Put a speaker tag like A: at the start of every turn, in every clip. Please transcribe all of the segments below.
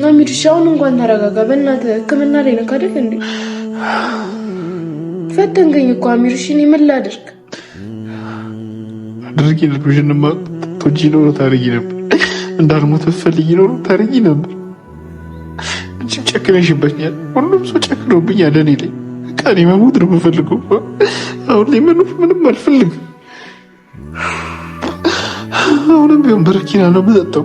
A: ማሚዱሽ አሁን እንኳን ተረጋጋ። በእናትህ ህክምና ላይ ነው አይደል እንዴ? ፈተንከኝ እኮ አሚሩሽ፣ እኔ ምን ላድርግ?
B: ድርቂ ልብሽንማ ጡንቺ ኖሮ ታረጊ ነበር፣ እንዳልሞት ፈልጊ ኖሮ ታረጊ ነበር። አንቺም ጨክነሽበኛል። ሁሉም ሰው ጨክኖብኛል እኔ ላይ። በቃ መሞት ነው የምፈልገው። አሁን ላይ ምንም አልፈልግም። አሁንም ቢሆን በረኪና ነው የምጠጣው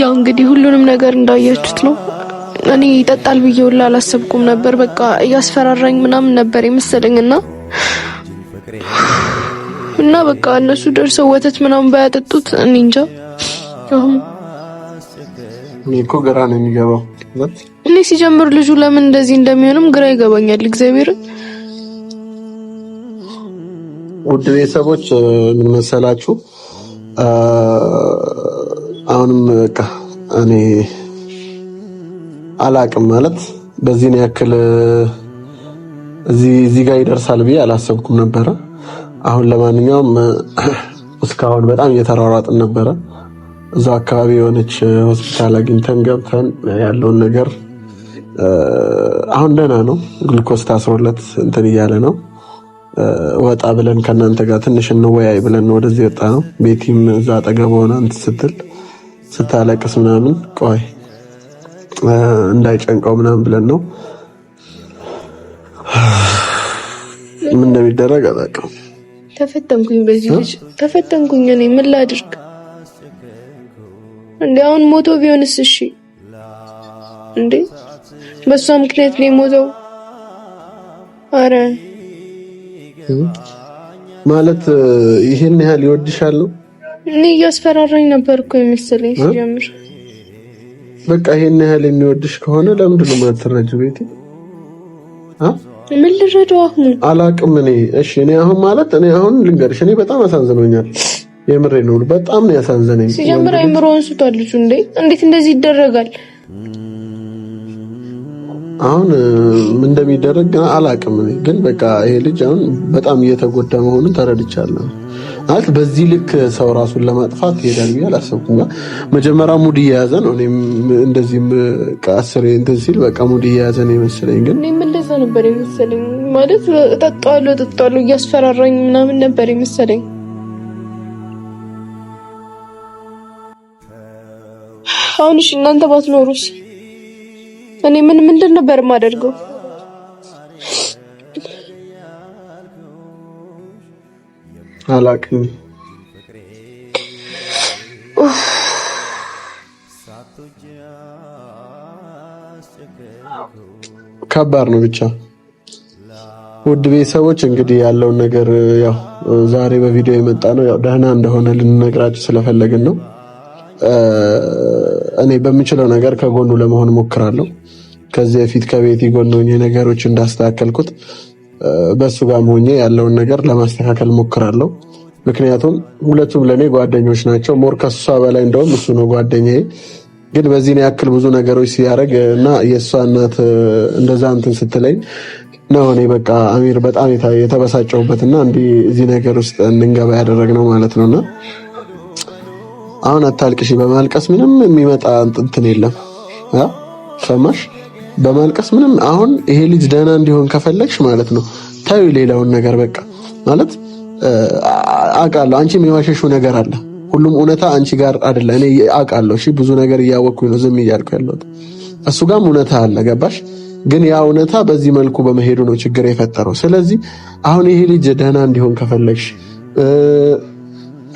A: ያው እንግዲህ ሁሉንም ነገር እንዳያችሁት ነው። እኔ ይጠጣል ብዬ ሁላ አላሰብኩም ነበር። በቃ እያስፈራራኝ ምናምን ነበር የመሰለኝ እና እና በቃ እነሱ ደርሰው ወተት ምናምን ባያጠጡት እኔ እንጃ።
C: እኔ እኮ ግራ ነው የሚገባው።
A: እኔ ሲጀምር ልጁ ለምን እንደዚህ እንደሚሆንም ግራ ይገባኛል። እግዚአብሔር
C: ውድ ቤተሰቦች ምን መሰላችሁ? አሁንም በቃ እኔ አላቅም ማለት በዚህን ያክል እዚህ ጋር ይደርሳል ብዬ አላሰብኩም ነበረ። አሁን ለማንኛውም እስካሁን በጣም እየተሯሯጥን ነበረ። እዛው አካባቢ የሆነች ሆስፒታል አግኝተን ገብተን ያለውን ነገር አሁን ደህና ነው። ግሉኮስ ታስሮለት እንትን እያለ ነው። ወጣ ብለን ከእናንተ ጋር ትንሽ እንወያይ ብለን ወደዚህ ወጣ ነው። ቤቲም እዛ አጠገብ ሆነ እንትን ስትል ስታለቅስ ምናምን ቆይ እንዳይጨንቀው ምናምን ብለን ነው። ምን እንደሚደረግ አላውቅም።
A: ተፈተንኩኝ፣ በዚህ ልጅ ተፈተንኩኝ። እኔ ምን ላድርግ እንዴ? አሁን ሞቶ ቢሆንስ እሺ እንዴ? በእሷ ምክንያት ነው የሞተው። አረ
C: ማለት ይሄን ያህል ይወድሻል?
A: እኔ እያስፈራራኝ ነበር እኮ የመሰለኝ ሲጀምር።
C: በቃ ይሄን ያህል የሚወድሽ ከሆነ ለምንድን ነው የማትረጂው? ቤቴ
A: ምን ልረዳው አሁን
C: አላቅም። እኔ እሺ፣ እኔ አሁን ማለት እኔ አሁን ልንገርሽ፣ እኔ በጣም አሳዝኖኛል። የምሬ ነው፣ በጣም ነው ያሳዘነኝ።
A: ሲጀምር አይምሮውን ስቷል ልጁ። እንዴ፣ እንዴት እንደዚህ ይደረጋል?
C: አሁን እንደሚደረግ ግን አላቅም፣ ግን በቃ ይሄ ልጅ አሁን በጣም እየተጎዳ መሆኑን ተረድቻለሁ። ማለት በዚህ ልክ ሰው ራሱን ለማጥፋት ይሄዳል ብዬ አላሰብኩም። መጀመሪያ ሙድ እየያዘ ነው። እኔም እንደዚህም አስሬ እንትን ሲል በቃ ሙድ እየያዘ ነው የመሰለኝ፣ ግን
A: እኔም እንደዛ ነበር የመሰለኝ። ማለት እጠጣዋለሁ እጠጣዋለሁ እያስፈራራኝ ምናምን ነበር የመሰለኝ። አሁን እሺ እናንተ ባትኖሩስ? እኔ ምን ምንድን ነበር የማደርገው?
C: አላቅም። ከባድ ነው ብቻ። ውድ ቤተሰቦች እንግዲህ ያለውን ነገር ያው ዛሬ በቪዲዮ የመጣ ነው ያው ደህና እንደሆነ ልንነግራችሁ ስለፈለግን ነው። እኔ በምችለው ነገር ከጎኑ ለመሆን ሞክራለሁ። ከዚህ በፊት ከቤቲ ጎን ሆኜ ነገሮች እንዳስተካከልኩት በእሱ ጋር ሆኜ ያለውን ነገር ለማስተካከል ሞክራለሁ። ምክንያቱም ሁለቱም ለእኔ ጓደኞች ናቸው። ሞር ከሷ በላይ እንደውም እሱ ነው ጓደኛዬ። ግን በዚህን ያክል ብዙ ነገሮች ሲያደርግ እና የእሷ እናት እንደዛ እንትን ስትለኝ ነው እኔ በቃ አሚር በጣም የተበሳጨሁበት እና እንዲህ እዚህ ነገር ውስጥ እንንገባ ነው ማለት ነው። እና አሁን አታልቅሺ በማልቀስ ምንም የሚመጣ እንትን የለም። ሰማሽ? በማልቀስ ምንም። አሁን ይሄ ልጅ ደህና እንዲሆን ከፈለግሽ ማለት ነው ታዩ ሌላውን ነገር በቃ ማለት አውቃለሁ፣ አንቺ የሚዋሸሽው ነገር አለ። ሁሉም እውነታ አንቺ ጋር አይደለ። እኔ አውቃለሁ፣ እሺ፣ ብዙ ነገር እያወቅኩኝ ነው ዝም እያልኩ ያለሁት። እሱ ጋርም እውነታ አለ፣ ገባሽ? ግን ያ እውነታ በዚህ መልኩ በመሄዱ ነው ችግር የፈጠረው። ስለዚህ አሁን ይሄ ልጅ ደህና እንዲሆን ከፈለግሽ፣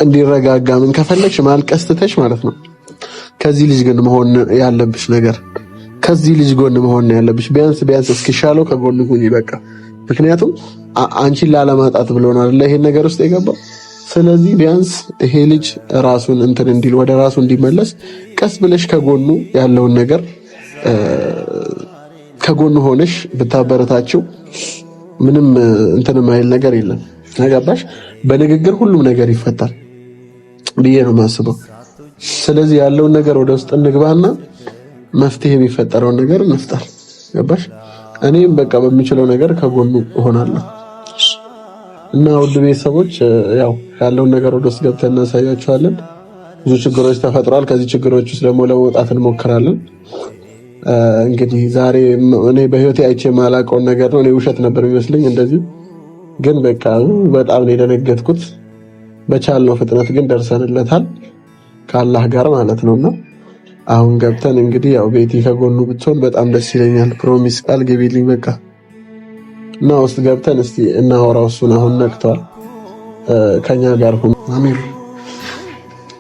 C: እንዲረጋጋ ምን ከፈለግሽ ማልቀስ ትተሽ ማለት ነው ከዚህ ልጅ ግን መሆን ያለብሽ ነገር ከዚህ ልጅ ጎን መሆን ነው ያለብሽ። ቢያንስ ቢያንስ እስኪሻለው ከጎን ሁኚ በቃ። ምክንያቱም አንቺን ላለማጣት ብሎ ነው አይደለ ይሄን ነገር ውስጥ የገባው። ስለዚህ ቢያንስ ይሄ ልጅ ራሱን እንትን እንዲል ወደ ራሱ እንዲመለስ ቀስ ብለሽ ከጎኑ ያለውን ነገር ከጎኑ ሆነሽ ብታበረታችው ምንም እንትን ማይል ነገር የለም። ገባሽ? በንግግር ሁሉም ነገር ይፈታል ብዬ ነው የማስበው። ስለዚህ ያለውን ነገር ወደ ውስጥ እንግባና መፍትሄ የሚፈጠረውን ነገር መፍጠር ገባሽ? እኔም በቃ በሚችለው ነገር ከጎኑ እሆናለሁ። እና ውድ ቤተሰቦች ያው ያለውን ነገር ወደ ውስጥ ገብተን እናሳያቸዋለን። ብዙ ችግሮች ተፈጥሯል። ከዚህ ችግሮች ውስጥ ደግሞ ለመውጣት እንሞክራለን። እንግዲህ ዛሬ እኔ በህይወቴ አይቼ የማላውቀውን ነገር ነው። እኔ ውሸት ነበር የሚመስለኝ እንደዚህ፣ ግን በቃ በጣም ነው የደነገጥኩት። በቻልነው ፍጥነት ግን ደርሰንለታል ከአላህ ጋር ማለት ነውና አሁን ገብተን እንግዲህ ያው ቤቲ ከጎኑ ብትሆን በጣም ደስ ይለኛል። ፕሮሚስ ቃል ግቢልኝ በቃ እና ውስጥ ገብተን እስቲ እናወራው። እሱን አሁን ነቅቷል። ከኛ ጋር ሁን
B: አሚር።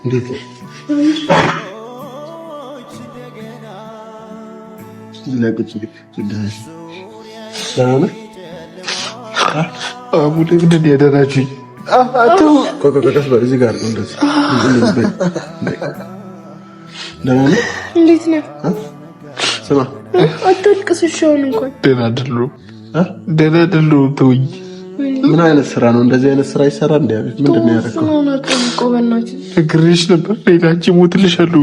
B: እንዴት ለቅጭ እንዴት ነው? ስማ
A: አታልቅስ። አሁን እንኳን
B: ደህና አይደለሁም ደህና አይደለሁም። ትውይ ምን አይነት ስራ ነው? እንደዚህ አይነት ስራ ይሰራ እንደ አቤት፣
A: ምንድን ነው ያደረገው?
B: ነግሬሽ ነበር። ሌላ አንቺ እሞትልሻለሁ።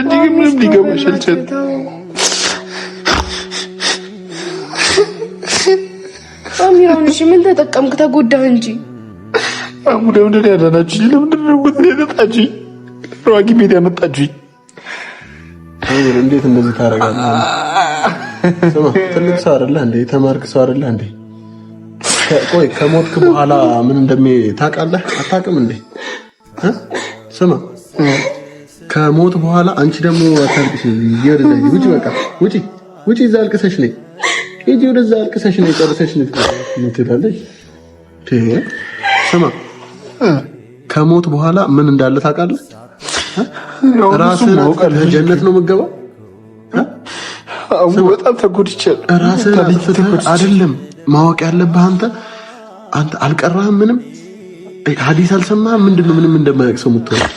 B: አንቺ ግን ምንም ሊገባሽ አልቻለም።
A: አሚራን እሺ፣ ምን ተጠቀምክ? ተጎዳህ እንጂ
B: አሁን ደውደል ያዳናችሁኝ። ለምንድን ነው ያመጣችሁኝ? ሯጊ ቤት ያመጣችሁኝ እንዴት እንደዚህ ታደርጋለህ? ስማ ትልቅ ሰው አይደለህ እንዴ? የተማርክ ሰው አይደለህ እንዴ? ቆይ ከሞትክ በኋላ ምን እንደሚ ታውቃለህ? አታውቅም እንዴ? ስማ ከሞት በኋላ አንቺ ደግሞ አታልቅሽ። ይወደዳይ ውጪ፣ በቃ ውጪ፣ ውጪ። እዛ አልቅሰሽ ነይ፣ ሂጂ ወደዛ አልቅሰሽ ነይ፣ ጨርሰሽ ነይ። ትላለች። ስማ ከሞት በኋላ ምን እንዳለ ታውቃለህ? ራስህን ጀነት ነው በጣም ራስህን አይደለም ማወቅ ያለብህ አንተ አንተ አልቀራህም። ምንም ሐዲስ አልሰማህም። ምንድን ነው ምንም እንደማያውቅ ሰው የምትሆነው?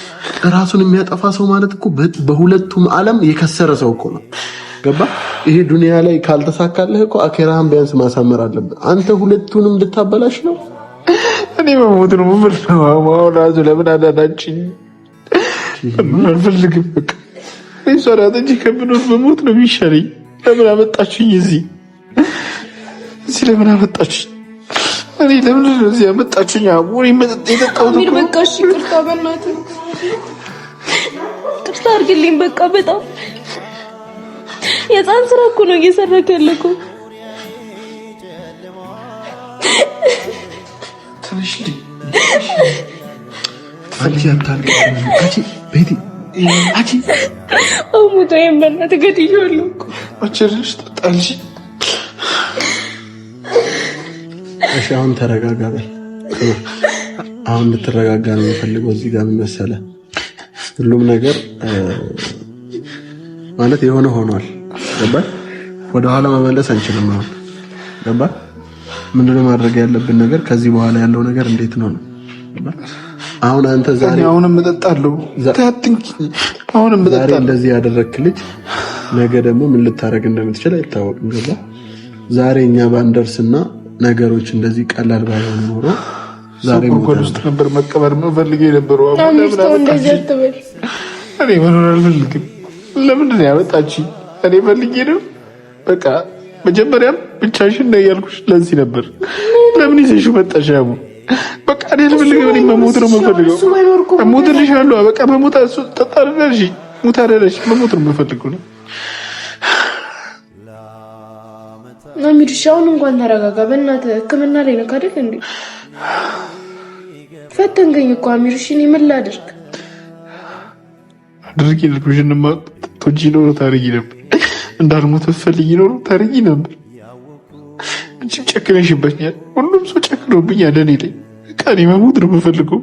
B: ራሱን የሚያጠፋ ሰው ማለት እኮ በሁለቱም ዓለም የከሰረ ሰው እኮ ነው። ገባ? ይሄ ዱንያ ላይ ካልተሳካለህ እኮ አኬራህን ቢያንስ ማሳመር አለብህ። አንተ ሁለቱንም ልታበላሽ ነው። እኔ መሞት ነው ምምር ለምን አዳናችኝ? አልፈልግም። በቃ ሰራተኛ ከምኖር በሞት ነው የሚሻለኝ። ለምን አመጣችሁኝ እዚህ? እዚህ ለምን አመጣችሁኝ? እኔ ለምን እዚህ አመጣችሁኝ?
A: ቅርታ አድርግልኝ። በቃ በጣም የህፃን ስራ እኮ ነው እየሰራክ ያለኩ
B: ትንሽ ቤቲ አኪ
A: አሙቶ የመና ተገድያለሁ።
B: አቸርሽ ጣልሽ።
C: እሺ አሁን ተረጋጋ በል። አሁን እንድትረጋጋ ነው የምፈልገው። እዚህ ጋር ምን መሰለህ፣ ሁሉም ነገር ማለት የሆነ ሆኗል። ገባህ? ወደኋላ መመለስ አንችልም። አሁን ገባህ? ምንድነው ማድረግ ያለብን ነገር ከዚህ በኋላ ያለው ነገር እንዴት ነው ነው አሁን አንተ ዛሬ
B: አሁንም እጠጣለሁ አሁንም እጠጣለሁ
C: እንደዚህ ያደረክ ልጅ ነገ ደግሞ ምን ልታደርግ እንደምትችል አይታወቅም። ገባ ዛሬ እኛ ባንደርስና ነገሮች እንደዚህ ቀላል ባይሆን ኖሮ
B: ዛሬ ሞኮል ውስጥ ነበር መቀበር የምፈልገው የነበረው። እኔ መኖር አልፈልግም። ለምንድን ነው ያመጣችኝ? እኔ ፈልጌ ነው በቃ መጀመሪያም ብቻሽን ነው ያልኩሽ ለዚህ ነበር። ለምን ይዘሽው መጣሽ? አቡ? በቃ እኔ ልፈልገው መሞት ነው የምፈልገው። እሞትልሻለሁ። በቃ መሞት መሞት ነው የምፈልገው።
A: አሚዱሽ አሁን እንኳን ተረጋጋ። በእናትህ ሕክምና ላይ ነህ አይደል እንዴ? ፈተንከኝ እኮ አሚዱሽ፣ እኔ ምን ላድርግ?
B: አድርጊ ልኩሽንማ ቶጂ ነው ታርጊ ነበር እንዳልሞት ፈልጊ ነው ታርጊ ነበር ጨክነሽበኛል። ሁሉም ሰው ጨክኖብኛል። እኔ ላይ ከኔ መሞት ነው የምፈልገው።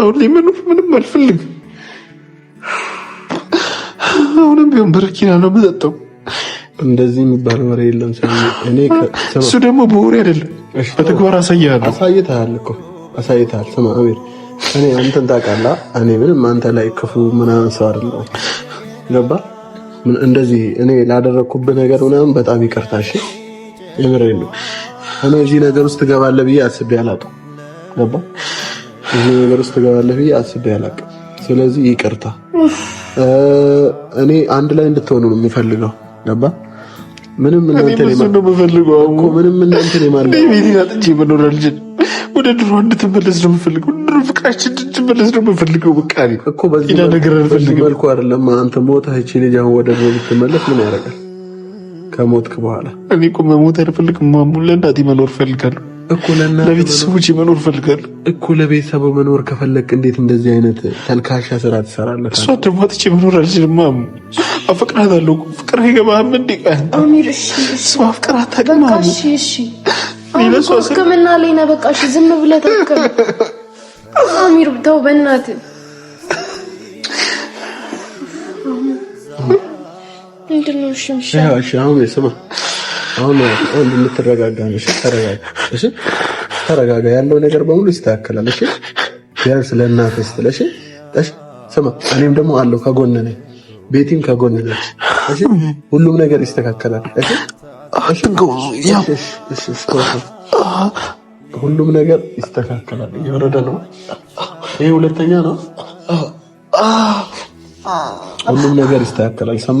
B: አሁን ላይ ምንም አልፈልግም። አሁንም ቢሆን በረኪና ነው የምጠጣው።
C: እንደዚህ የሚባል ወሬ የለም።
B: እሱ ደግሞ በወሬ አይደለም በተግባር አሳያለሁ።
C: አሳይተሃል እኮ አሳይተሃል። ስማ አቤል፣ እኔ አንተን ታውቃለህ። እኔ ምንም አንተ ላይ ክፉ ምናምን ሰው አይደለሁም። ገባህ? እንደዚህ እኔ ላደረግኩብህ ነገር ምናምን በጣም ይቅርታ እሺ የምሬን ነው። እኔ እዚህ ነገር ውስጥ ትገባለህ ብዬ አስቤ አላውቅም። ገባ እዚህ ነገር ውስጥ ትገባለህ ብዬ አስቤ አላውቅም። ስለዚህ ይቅርታ። እኔ አንድ ላይ እንድትሆኑ ነው የምፈልገው። ገባ ምንም እናንተ ነው የምፈልገው እኮ
B: ምንም እናንተ ነው ማለት ነው። ቤት አጥቼ መኖር አልችልም። ወደ ድሮ እንድትመለስ ነው የምፈልገው። ድሮ ፍቅራችን እንድትመለስ ነው የምፈልገው። በቃ እኮ በዚህ
C: ነገር መልኩ አይደለም አንተ ሞተህ እቺ ልጅ አሁን ወደ ድሮ ብትመለስ ምን ያደርጋል? ከሞትክ በኋላ
B: እኔ እኮ መሞት አልፈልግም። ማሙ ለእናቴ መኖር ፈልጋለሁ እኮ ለቤተሰቦች መኖር ፈልጋለሁ
C: እኮ። ለቤተሰቡ መኖር ከፈለክ እንዴት እንደዚህ አይነት ተልካሻ ስራ ትሰራለህ?
B: እሷ ደግሞ አጥቼ መኖር አልችልም። ማሙ አፈቅራታለሁ። ፍቅር ይገባህም እንዴ? እሷ አፍቅራት ታቅም
A: ሕክምና ላይ ነው። በቃ ዝም ብለህ አሚር ተው በእናትህ
C: ተረጋጋ። ያለው ነገር በሙሉ ይስተካከላል። እሺ ቢያንስ ለእናትህ ስትለሽ ስማ፣ እኔም ደግሞ አለው ከጎን ነኝ፣ ቤቲም ከጎን ነች። እሺ ሁሉም ነገር ይስተካከላል። እሺ ሁሉም ነገር ይስተካከላል። እየወረደ ነው። ይሄ ሁለተኛ ነው። ሁሉም ነገር ይስተካከላል። ሰማ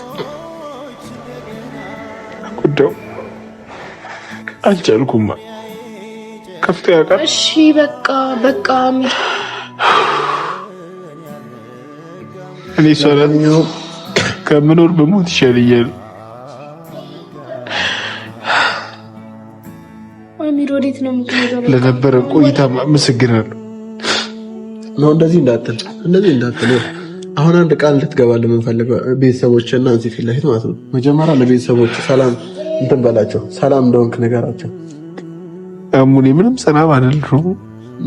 B: አልቻልኩም። ከፍታ ያውቃል።
A: እሺ በቃ በቃ
B: እኔ ሶላት ከምኖር በሞት ይሻለኛል።
A: አሚር ወዴት ነው የምትሄደው?
B: ለነበረ ቆይታ አመሰግናለሁ።
C: ነው እንደዚህ እንዳትል እንደዚህ እንዳትል። አሁን አንድ ቃል ልትገባ ለምንፈልገው ቤተሰቦች እና እዚህ ፊት ለፊት ማለት ነው። መጀመሪያ ለቤተሰቦች ሰላም እንትን በላቸው፣ ሰላም እንደሆንክ ነገራቸው።
B: እሙኔ ምንም ሰላም አደል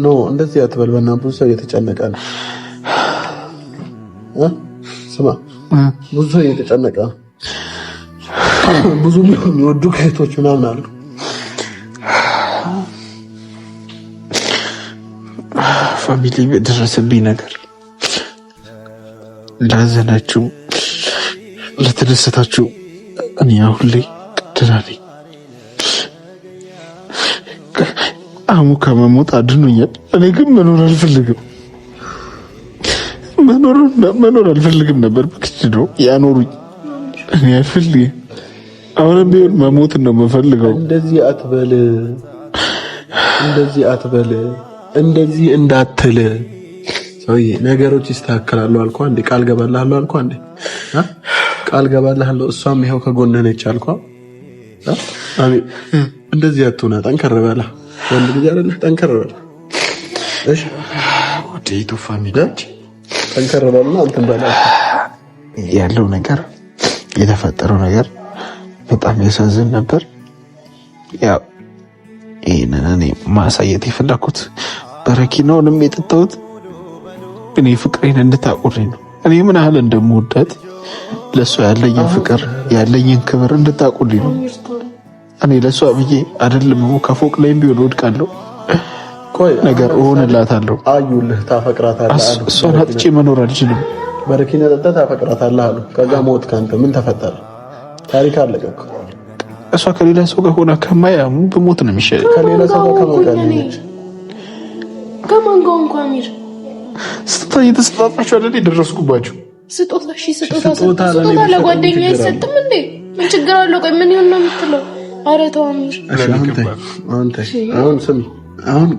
C: ኖ እንደዚህ አትበል። በና ብዙ ሰው እየተጨነቀ ነው። ስማ፣ ብዙ ሰው እየተጨነቀ ነው። ብዙ የሚወዱ ከየቶች ምናምን አሉ።
B: ፋሚሊ የደረሰብኝ ነገር ላዘናችሁ፣ ለተደሰታችሁ እኔ አሁን ላይ ትላለች። አሙ ከመሞት አድኖኛል። እኔ ግን መኖር አልፈልግም መኖር አልፈልግም ነበር። ብክች ነው ያኖሩኝ። እኔ አልፈልግም። አሁንም ቢሆን መሞት ነው የምፈልገው።
C: እንደዚህ አትበል፣ እንደዚህ አትበል፣ እንደዚህ እንዳትል ሰውዬ። ነገሮች ይስተካከላሉ አልኳ እንዴ! ቃል ገባልሃለሁ አልኳ እንዴ! ቃል ገባልሃለሁ። እሷም ይኸው ከጎንህ ነች አልኳ። እንደዚህ አትሆና፣ ጠንከር በላ ወንድ ልጅ አይደለህ? ጠንከር በላ እሺ። ጠንከር በላ እንትን በላ። ያለው ነገር የተፈጠረው ነገር በጣም ያሳዝን ነበር። ያው ይህንን እኔ ማሳየት የፈለኩት በረኪናውንም የጠጣሁት እኔ ፍቅሬን እንድታቆሪ ነው። እኔ ምን ያህል እንደምወዳት ለእሷ ያለኝን ፍቅር ያለኝን ክብር እንድታቁልኝ ነው። እኔ ለእሷ ብዬ አይደለም ከፎቅ ላይም ቢሆን ወድቃለሁ፣ ነገር እሆንላታለሁ።
B: እሷን አጥቼ መኖር አልችልም።
C: በረኪና ጠጣ ታፈቅራታለህ አሉ። ከዛ ሞት ካንተ ምን ተፈጠረ? ታሪክ አለቀ።
B: እሷ ከሌላ ሰው ጋር ሆና ከማያሙ በሞት ነው የሚሻለው።
A: ከሌላ ሰው ጋር ከማን ጋር እንኳን
B: ስትታይ ተስፋፋችሁ አይደል? ደረስኩባችሁ
A: ስጦታ እሺ፣ ስጦታ ስጦታ ለጓደኛ አይሰጥም እንዴ? ምን ችግር አለው? ቆይ ምን ይሁን ነው የምትለው? ኧረ ተው።
C: አሁን ስሚ፣ አሁን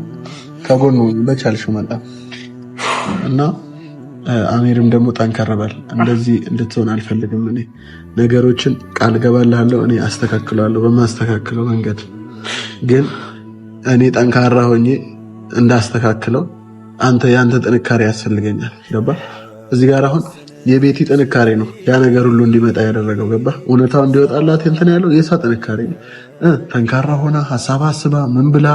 C: ከጎኑ በቻልሽ መጣ እና አሚርም ደግሞ ጠንከር በል፣ እንደዚህ እንድትሆን አልፈልግም። እኔ ነገሮችን ቃል ገባልሃለሁ፣ እኔ አስተካክለዋለሁ በማስተካክለው መንገድ። ግን እኔ ጠንካራ ሆኜ እንዳስተካክለው አንተ የአንተ ጥንካሬ ያስፈልገኛል። ገባ እዚህ ጋር አሁን የቤቲ ጥንካሬ ነው ያ ነገር ሁሉ እንዲመጣ ያደረገው። ገባ እውነታው እንዲወጣላት እንትን ያለው የእሷ ጥንካሬ ነው። ጠንካራ ሆና ሀሳብ አስባ ምን ብላ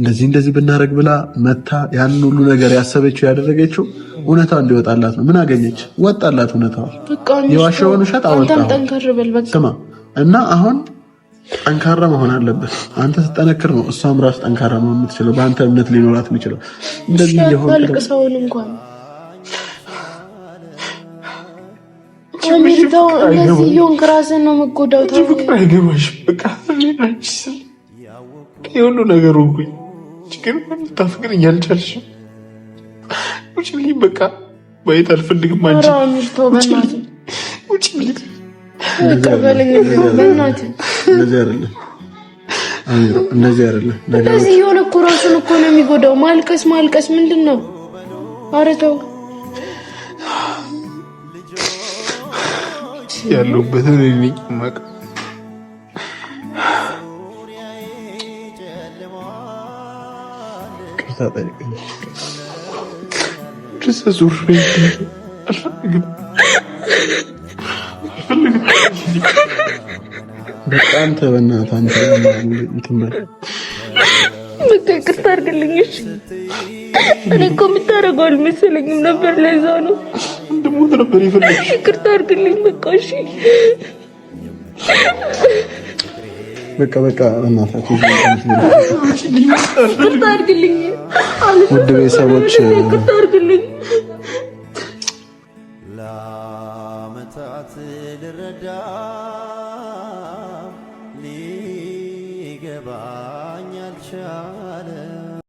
C: እንደዚህ እንደዚህ ብናደረግ ብላ መታ ያንን ሁሉ ነገር ያሰበችው ያደረገችው እውነታው እንዲወጣላት ነው። ምን አገኘች? ወጣላት። እውነታው የዋሸውን ውሸት አወጣ። እና አሁን ጠንካራ መሆን አለበት። አንተ ስጠነክር ነው እሷም ራሱ ጠንካራ መሆን የምትችለው፣ በአንተ እምነት ሊኖራት የሚችለው
A: እንደዚህ በአሜሪካው እነዚህ እየሆንክ ራስህን ነው የምትጎዳው።
B: ፍቅር አይገባሽም። በቃ የሁሉ ነገር ሆንኩኝ። ችግር በቃ ማየት አልፈልግም። አንቺ
C: እንደዚህ
A: የሆነ እኮ ራሱን እኮ ነው የሚጎዳው። ማልቀስ ማልቀስ ምንድን ነው? ኧረ ተው
B: ያለሁበትን እኔ ማቅ
C: በጣም ተበናታ
A: በቃ ይቅርታ አድርግልኝ። እኔ እኮ የምታደርገው አልመሰለኝም ነበር ለዛ ነው
B: ሞት ነበር የፈለግሽ።
A: ይቅርታ አድርግልኝ። በቃ እሺ፣
C: በቃ በቃ እናታችሁ
A: ይቅርታ አድርግልኝ።
C: ውድ ቤተሰቦች ይቅርታ አድርግልኝ። ለዓመታት ልረዳ